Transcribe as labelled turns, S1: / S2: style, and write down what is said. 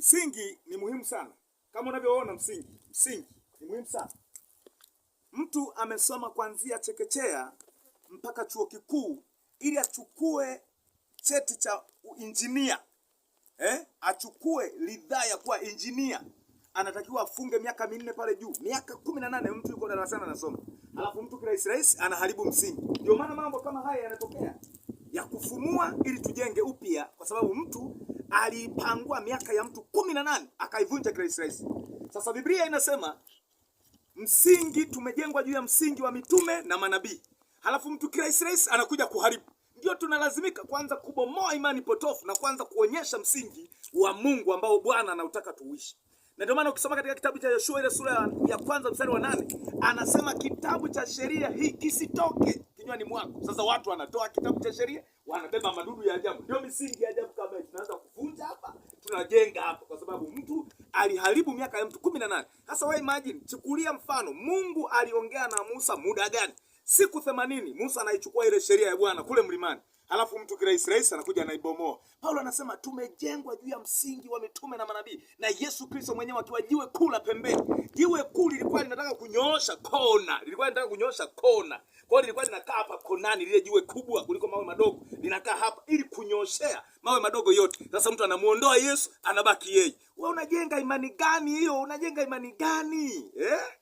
S1: Msingi ni muhimu sana, kama unavyoona msingi, msingi ni muhimu sana. Mtu amesoma kuanzia chekechea mpaka chuo kikuu ili achukue cheti cha uinjinia eh? Achukue ridhaa ya kuwa injinia, anatakiwa afunge miaka minne pale juu, miaka kumi na nane. Mtu yuko darasani anasoma, alafu mtu kirahisi rahisi anaharibu msingi. Ndio maana mambo kama haya yanatokea ya kufumua, ili tujenge upya, kwa sababu mtu aliipangua miaka ya mtu kumi na nane akaivunja grace race. Sasa Biblia inasema msingi tumejengwa juu ya msingi wa mitume na manabii, halafu mtu grace race anakuja kuharibu. Ndio tunalazimika kwanza kubomoa imani potofu na kwanza kuonyesha msingi wa Mungu ambao Bwana anautaka tuishi na ndio maana ukisoma katika kitabu cha Yoshua ile sura ya kwanza mstari wa nane anasema kitabu cha sheria hii kisitoke kinywani mwako. Sasa watu wanatoa kitabu cha sheria, wanabeba madudu ya ajabu, ndio misingi ya ajabu tunajenga hapa, kwa sababu mtu aliharibu miaka ya mtu kumi na nane. Sasa wewe imagine, chukulia mfano, Mungu aliongea na Musa muda gani? Siku themanini. Musa anaichukua ile sheria ya Bwana kule mlimani, alafu mtu kirahisi rahisi anakuja anaibomoa. Paulo anasema tumejengwa juu ya msingi wa mitume na manabii na Yesu Kristo mwenyewe akiwa jiwe kuu la pembeni kunyoosha kona, lilikuwa linataka kunyoosha kona. Kwa hiyo lilikuwa linakaa hapa konani, lile jiwe kubwa kuliko mawe madogo linakaa hapa ili kunyoshea mawe madogo yote. Sasa mtu anamuondoa Yesu, anabaki yeye. Wewe unajenga imani gani hiyo? Unajenga imani gani eh?